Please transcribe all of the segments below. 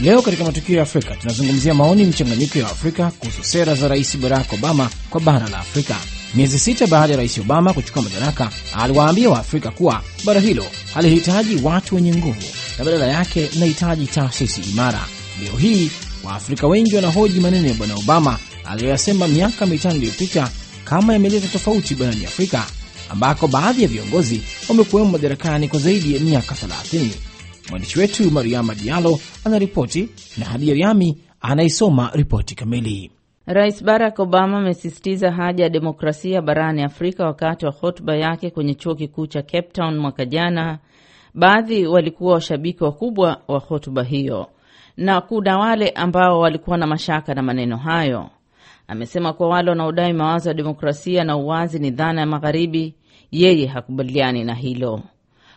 Leo katika matukio ya Afrika tunazungumzia maoni mchanganyiko ya Afrika kuhusu sera za Rais Barack Obama kwa bara la Afrika. Miezi sita baada ya Rais Obama kuchukua madaraka, aliwaambia Waafrika kuwa bara hilo halihitaji watu wenye nguvu na badala yake linahitaji taasisi imara. Leo hii Waafrika wengi wanahoji maneno ya Bwana Obama aliyoyasema miaka mitano iliyopita kama yameleta tofauti barani Afrika, ambako baadhi ya viongozi wamekuwemo madarakani kwa zaidi ya miaka 30. Mwandishi wetu Mariama Diallo anaripoti na Hadia Riami anaisoma ripoti kamili. Rais Barack Obama amesisitiza haja ya demokrasia barani Afrika wakati wa hotuba yake kwenye chuo kikuu cha Cape Town mwaka jana. Baadhi walikuwa washabiki wakubwa wa hotuba hiyo na kuna wale ambao walikuwa na mashaka na maneno hayo. Amesema kuwa wale wanaodai mawazo ya demokrasia na uwazi ni dhana ya Magharibi, yeye hakubaliani na hilo.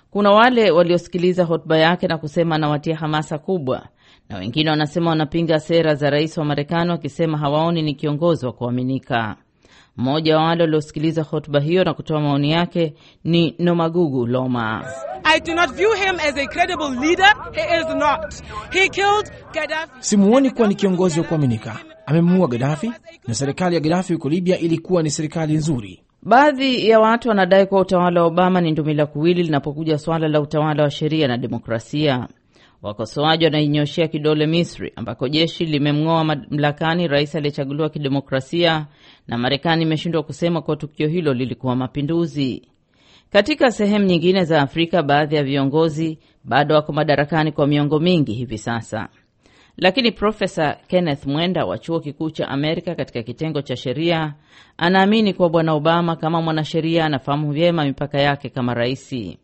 Kuna wale waliosikiliza hotuba yake na kusema anawatia hamasa kubwa, na wengine wanasema wanapinga sera za rais wa Marekani wakisema hawaoni ni kiongozi wa kuaminika. Mmoja wa wale waliosikiliza hotuba hiyo na kutoa maoni yake ni Nomagugu Loma. Simuoni kuwa ni kiongozi wa kuaminika. Amemuua Gadafi na serikali ya gadafi huko Libya ilikuwa ni serikali nzuri Baadhi ya watu wanadai kuwa utawala wa Obama ni ndumila kuwili linapokuja swala la utawala wa sheria na demokrasia. Wakosoaji wanainyoshea kidole Misri ambako jeshi limemng'oa mamlakani rais aliyechaguliwa kidemokrasia na Marekani imeshindwa kusema kuwa tukio hilo lilikuwa mapinduzi. Katika sehemu nyingine za Afrika, baadhi ya viongozi bado wako madarakani kwa miongo mingi hivi sasa. Lakini Profesa Kenneth Mwenda wa Chuo Kikuu cha Amerika katika kitengo cha sheria anaamini kuwa Bwana Obama kama mwanasheria anafahamu vyema mipaka yake kama raisi.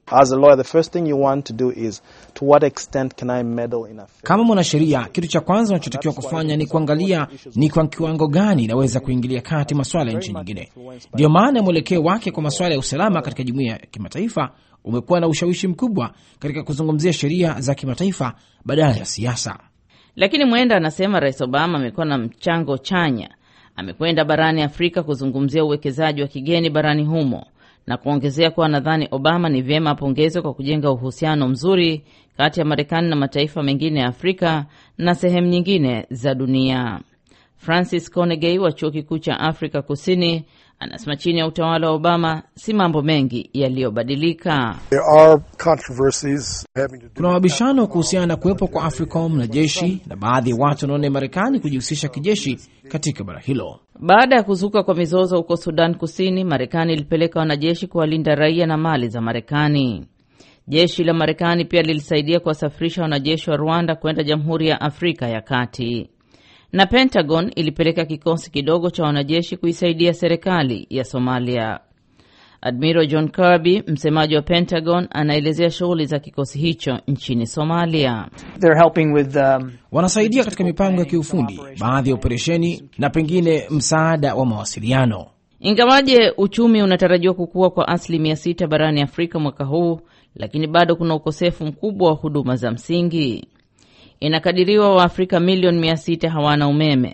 Kama mwanasheria, kitu cha kwanza unachotakiwa kufanya ni kuangalia ni kwa kiwango gani inaweza kuingilia kati masuala ya nchi nyingine. Ndiyo maana mwelekeo wake kwa masuala ya usalama katika jumuiya ya kimataifa umekuwa na ushawishi mkubwa katika kuzungumzia sheria za kimataifa badala ya siasa. Lakini Mwenda anasema Rais Obama amekuwa na mchango chanya. Amekwenda barani Afrika kuzungumzia uwekezaji wa kigeni barani humo na kuongezea kuwa nadhani Obama ni vyema apongezwe kwa kujenga uhusiano mzuri kati ya Marekani na mataifa mengine ya Afrika na sehemu nyingine za dunia. Francis Conegay wa chuo kikuu cha Afrika Kusini Anasema chini ya utawala wa Obama si mambo mengi yaliyobadilika. Kuna mabishano kuhusiana na kuwepo kwa AFRICOM na jeshi, na baadhi ya watu wanaona Marekani kujihusisha kijeshi katika bara hilo. Baada ya kuzuka kwa mizozo huko Sudan Kusini, Marekani ilipeleka wanajeshi kuwalinda raia na mali za Marekani. Jeshi la Marekani pia lilisaidia kuwasafirisha wanajeshi wa Rwanda kwenda Jamhuri ya Afrika ya Kati na Pentagon ilipeleka kikosi kidogo cha wanajeshi kuisaidia serikali ya Somalia. Admiral John Kirby, msemaji wa Pentagon, anaelezea shughuli za kikosi hicho nchini Somalia. with, um, wanasaidia katika mipango ya kiufundi, baadhi ya operesheni na pengine msaada wa mawasiliano. Ingawaje uchumi unatarajiwa kukua kwa asilimia sita barani Afrika mwaka huu, lakini bado kuna ukosefu mkubwa wa huduma za msingi. Inakadiriwa Waafrika milioni 600 hawana umeme.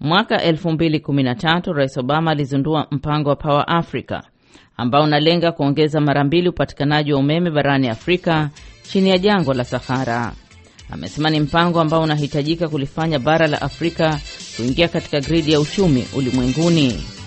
Mwaka 2013 Rais Obama alizindua mpango wa Power Africa ambao unalenga kuongeza mara mbili upatikanaji wa umeme barani Afrika chini ya jangwa la Sahara. Amesema ni mpango ambao unahitajika kulifanya bara la Afrika kuingia katika gridi ya uchumi ulimwenguni.